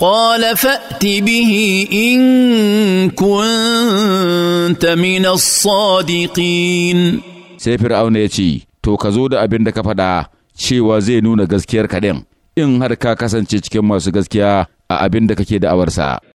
قال فات به ان كنت من الصادقين sai fir'auna ya ce to ka zo da abin da ka faɗa cewa zai nuna gaskiyar kaɗin in har ka kasance cikin masu gaskiya a abin da kake da'awarsa